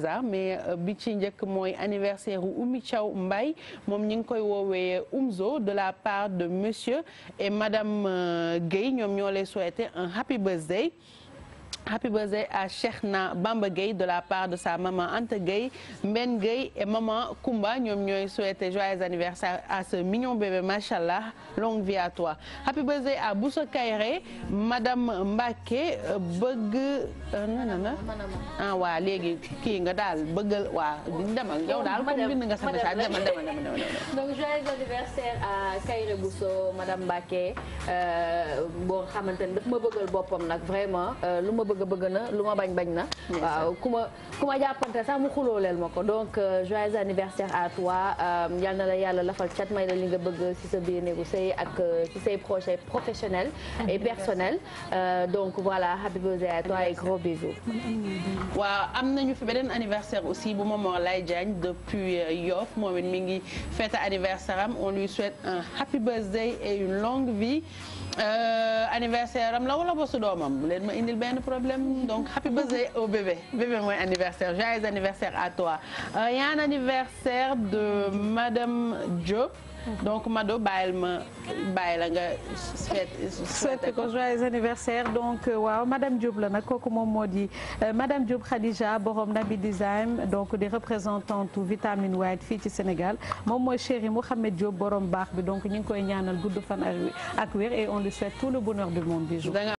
hasard mais euh, bi ci njëkk mooy anniversaire u Oumy Thiaw Mbaye moom ñi ngi koy woowee Oumzo de la part de monsieur et madame euh, Guèye ñoom ñoo lay souhaiter un happy birthday Happy birthday à Cheikhna Bamba Gueye de la part de sa maman Anta Gueye, Mben Gueye et maman Kumba ñoom ñooy souhaiter joyeux anniversaire à ce mignon bébé machallah longue vie à toi. Happy birthday à Bousso Kayré, madame Mbacké euh, bëgg na euh, na ah waa léegi kii nga daal bëggal waa demal yow daal comme bind nga sa message demal demal demal. Donc anniversaire à Kayré Bousso madame Mbacké euh boo xamante ne daf ma bëggal boppam nag vraiment euh, lu bëgg bëgg na lu ma bañ bañ na. waaw ku ma ku ma jàppante sax mu xulooleel ma ko donc euh, joyeux anniversaire a toi euh, yal la yàlla lafal cat may la li nga bëgg ci sa biir néegu sëy ak euh, ci say projets professionnels et personnels donc voilà happy birthday à toi et gros bisous. waaw am nañu fi beneen anniversaire aussi bu Momar Lay Diagne depuis Yoff moom it mi ngi fête anniversaire am on lui souhaite un happy birthday et une longue vie. Euh, anniversaire am la wala bosu doomam bu leen ma indil benn problème donc happy birthday au bébé bébé mooy anniversaire joyeux anniversaire à toi il euh, y a un anniversaire de madame Diop. donc Mado bàyyil ma bàyyi la nga souhaité ko joyeux donc euh, waaw madame Diop la nag kooku moom moo di euh, madame Diop Khadija borom Nabi Design donc des représentantes vitamine white fii ci Sénégal moom mooy chéri Mouhamed Diop borom baax bi donc ñu ngi koy ñaanal gudd fan ak wér et on lui souhaite tout le bonheur du monde bijou